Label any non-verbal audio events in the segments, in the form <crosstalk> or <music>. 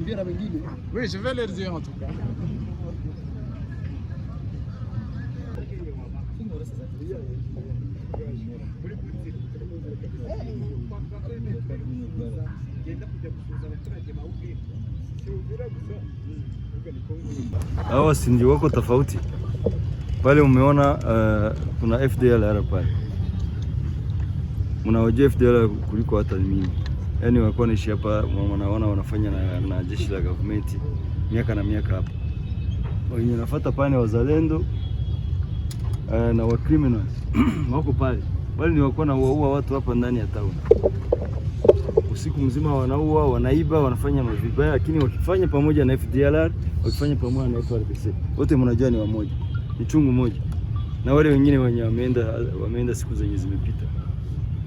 Waambie na wengine. Oui, je vais leur dire en tout cas. Hawa wasindi wako tofauti pale, umeona uh, kuna uh, FDL pale, mnawajua FDL kuliko hata mimi yani walikuwa naishi hapa, wanaona wanafanya na, na jeshi la government miaka na miaka hapa. Wenye nafuata pale wazalendo uh, na wa criminals <clears throat> wako pale, wale ni walikuwa nauaua watu hapa ndani ya town usiku mzima, wanaua wanaiba, wanafanya mavibaya, lakini wakifanya pamoja na FDLR, wakifanya pamoja na FARDC, wote mnajua ni wamoja, ni chungu moja, na wale wengine wenye wameenda wameenda siku zenye zimepita.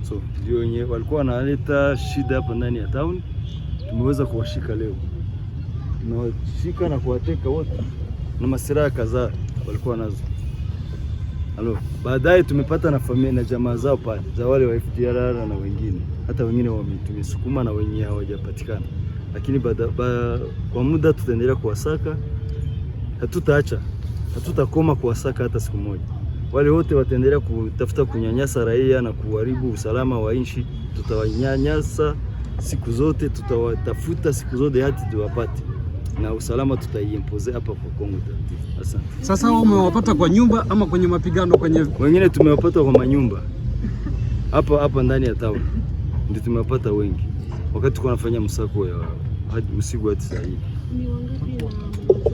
So ndio wenye walikuwa wanaleta shida hapa ndani ya town, tumeweza kuwashika leo, tumewashika na kuwateka wote na masiraha kadhaa walikuwa nazo. Halo, baadaye tumepata na familia na jamaa zao pale za wale wa FDLR na wengine, hata wengine wametumesukuma na wenye hawajapatikana, lakini bada, ba, kwa muda tutaendelea kuwasaka, hatutaacha, hatutakoma kuwasaka hata siku moja. Wale wote wataendelea kutafuta kunyanyasa raia na kuharibu usalama wa nchi, tutawanyanyasa siku zote, tutawatafuta siku zote hadi tuwapate na usalama tutaiimpoze hapa kwa Kongo Taratibu. Asante. Sasa wao umewapata kwa nyumba ama kwenye mapigano kwenye? Wengine tumewapata kwa manyumba hapa hapa ndani ya town ndio tumewapata wengi, wakati tuko nafanya msako ya hadi usiku hadi saa hii.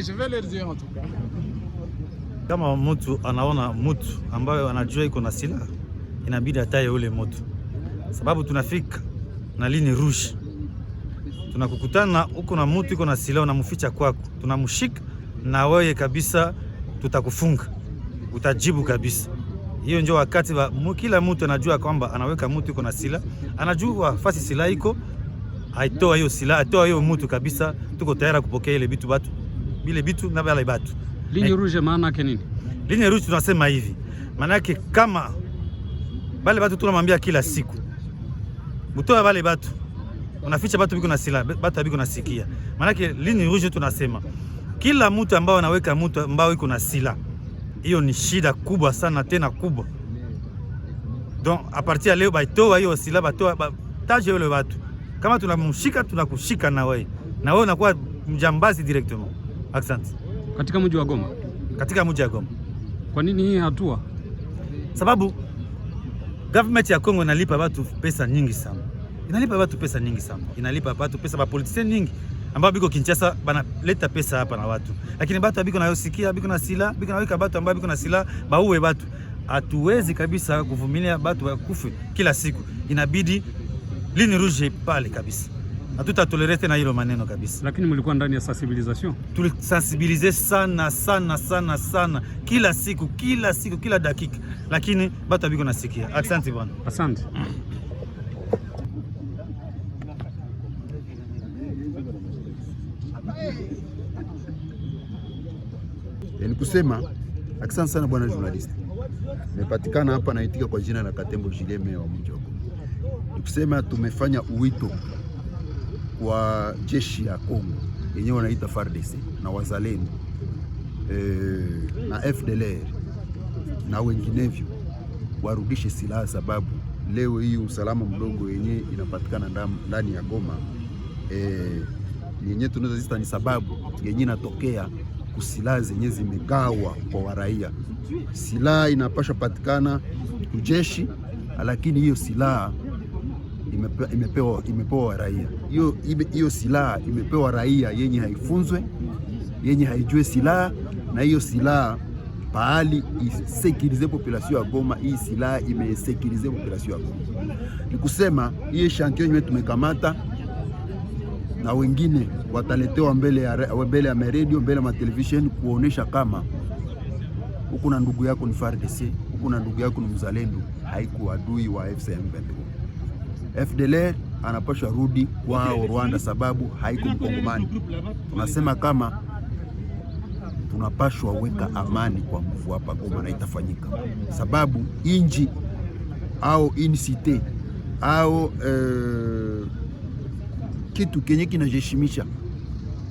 Oui, je vais leur dire en tout cas. Kama mtu anaona mtu ambayo anajua iko na silaha inabidi ataye ule mtu, sababu tunafika na lini rush, tunakukutana huko na mtu iko na silaha, unamuficha kwako, tunamshika na wewe kabisa, tutakufunga utajibu kabisa. Hiyo ndio wakati wa kila mtu anajua kwamba anaweka mtu iko na silaha, anajua fasi silaha iko, aitoa hiyo silaha, aitoa hiyo mtu kabisa, tuko tayari kupokea ile vitu batu bile bitu na bale batu. Ligne rouge maana yake nini? Ligne rouge tunasema hivi, maana yake kama bale batu tunamwambia kila siku butoa bale batu, unaficha batu biko na sila batu biko nasikia, maana yake ligne rouge tunasema kila mtu ambao anaweka mtu ambao iko na sila, hiyo ni shida kubwa sana tena kubwa. Donc a partir leo baitoa hiyo sila batoa ba, taje yule watu kama tunamshika tunakushika na wewe na wewe unakuwa mjambazi directement. Asante. Katika mji wa Goma, katika mji wa Goma. Kwa nini hii hatua? Sababu government ya Kongo inalipa watu pesa nyingi sana, inalipa watu pesa nyingi sana, inalipa watu pesa ba nyingi ambao biko Kinshasa banaleta pesa hapa na watu, lakini batu biko nayosikia biko na sila biko nawika batu ambao biko na sila bauwe batu. Hatuwezi kabisa kuvumilia batu wakufe kila siku, inabidi lini ruje pale kabisa hatutatoleree na hilo maneno kabisa. Lakini mlikuwa ndani ya sensibilization tulisensibilize sana sana sana sana, kila siku kila siku kila dakika, lakini batu abiko nasikia. Asante bwana, asante. E, ni kusema asante sana bwana journalist. Nimepatikana hapa naitika kwa jina la Katembo Julien, meya wa mji wa Goma. Nikusema tumefanya uwito kwa jeshi ya Kongo yenyewe wanaita FARDC na wazalendo e, na FDLR na wenginevyo warudishe silaha, sababu leo hii usalama mdogo yenyewe inapatikana ndani ya Goma e, eh, yenyewe tunaweza zita ni sababu yenyewe inatokea kusilaha zenyewe zimegawa kwa waraia. Silaha inapasha patikana kujeshi, lakini hiyo silaha imepewa, imepewa raia hiyo hiyo silaha imepewa raia yenye haifunzwe yenye haijue silaha na hiyo silaha pahali isekirize population ya Goma. Hii silaha imesekirize population ya Goma, ni kusema hii echantion yenye tumekamata na wengine wataletewa mbele ya, mbele ya maredio mbele ya matelevisheni kuonesha kama huku na ndugu yako ni FARDC, huku na ndugu yako ni mzalendo, haikuadui wa FCM23. FDLR anapashwa rudi kwao Rwanda, sababu haiko Mkongomani. Tunasema kama tunapashwa weka amani kwa nguvu hapa Goma, na itafanyika sababu inji au incite au eh, kitu kenye kinajeshimisha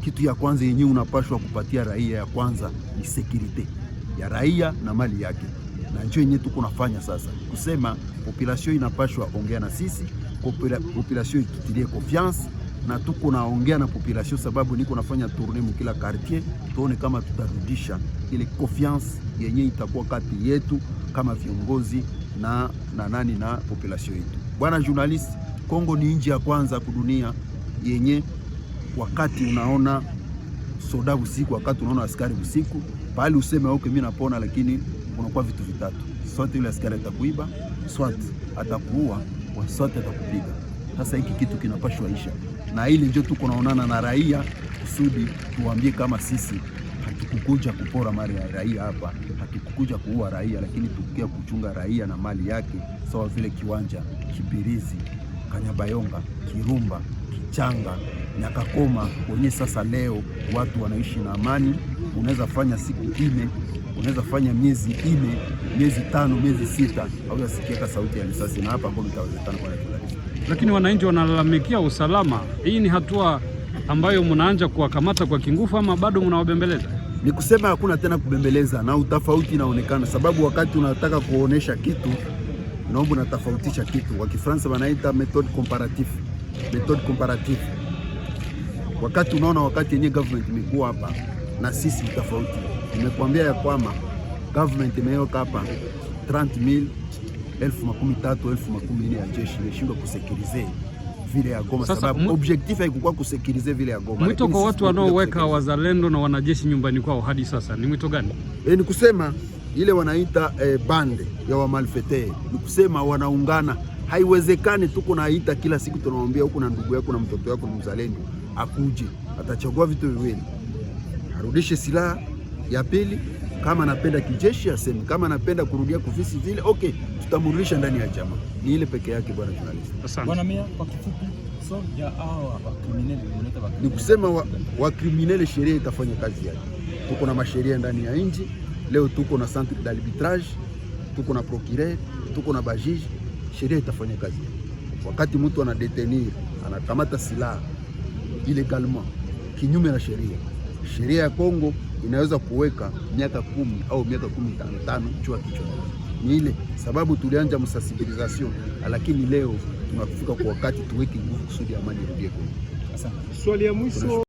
kitu ya kwanza yenye unapashwa kupatia raia ya kwanza ni sekirite ya raia na mali yake, na njio yenye tuko nafanya sasa, kusema population inapashwa ongea na sisi population ikitilie confiance na tuko naongea na population, sababu niko nafanya tourne mukila quartier, tuone kama tutarudisha ile confiance yenye itakuwa kati yetu kama viongozi na, na nani na population yetu. Bwana journalist, Kongo ni nchi ya kwanza kudunia yenye wakati unaona soda usiku, wakati unaona askari usiku pahali, useme okay, mimi napona, lakini unakuwa vitu vitatu, soit yule askari atakuiba, soit atakuua kubwa, sote atakupiga. Sasa hiki kitu kinapashwa isha, na hili ndio tuko naonana na raia kusudi tuambie kama sisi hatukukuja kupora mali ya raia hapa, hatukukuja kuua raia, lakini tukia kuchunga raia na mali yake, sawa vile kiwanja Kibirizi, Kanyabayonga, Kirumba, Kichanga na kakoma kwenye. Sasa leo watu wanaishi na amani, unaweza fanya siku ine, unaweza fanya miezi ine, miezi tano, miezi sita, hautasikia sauti ya risasi, na hapa ngome itawezekana kwa kila. Lakini wananchi wanalalamikia usalama. Hii ni hatua ambayo mnaanza kuwakamata kwa kingufu ama bado mnawabembeleza? Ni kusema hakuna tena kubembeleza, na utofauti inaonekana, sababu wakati unataka kuonesha kitu naomba unatofautisha kitu. Wa Kifaransa wanaita method comparative, method comparative wakati unaona, wakati yenyewe government imekuwa hapa na sisi tofauti. Nimekuambia ya kwamba government imeweka hapa 30000 elfu makumi tatu elfu makumi nne ya jeshi imeshindwa kusekirize vile ya Goma, sababu objectif haikuwa kusekirize vile ya Goma. Mwito kwa watu wanaoweka wazalendo na wanajeshi nyumbani kwao hadi sasa ni mwito gani? E, ni kusema ile wanaita e, bande ya wamalfete, ni kusema wanaungana. Haiwezekani, tuko naita kila siku, tunawaambia huku na ndugu yako na mtoto yako ni mzalendo akuje, atachagua vitu viwili, arudishe silaha ya pili kama anapenda kijeshi aseme, kama anapenda kurudia kufisi vile, okay, tutamrudisha ndani ya chama. Ni ile peke yake, bwana journalist. Bwana Mia, kwa kifupi, wa criminal ni kusema wa, wa criminal, sheria itafanya kazi yake. Tuko na masheria ndani ya nchi leo, tuko na centre d'arbitrage, tuko na procureur, tuko na bajiji. Sheria itafanya kazi yake. Wakati mtu anadetenir, anakamata silaha illegalement kinyume na sheria. Sheria ya Kongo inaweza kuweka miaka kumi au miaka kumi tano tano chua kichwa. Ni ile sababu tulianja msensibilisation, lakini leo tunafika kwa wakati tuweke nguvu kusudi amani irudie Kongo. Asante. Swali ya mwisho